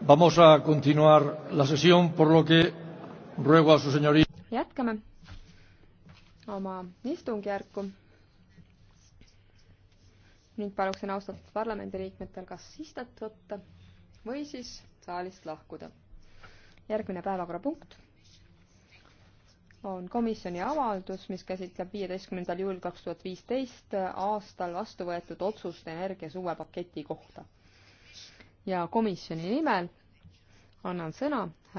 Vamos a continuar la sesión, por lo que ruego a su señoría. Jätkame oma istungjärku ning paluksin austatud parlamendiliikmetel kas istet võtta või siis saalist lahkuda. järgmine päevakorrapunkt on komisjoni avaldus, mis käsitleb viieteistkümnendal juulil kaks tuhat viisteist aastal vastu võetud otsust energia suvepaketi kohta. ja komisjoni nimel annan sõna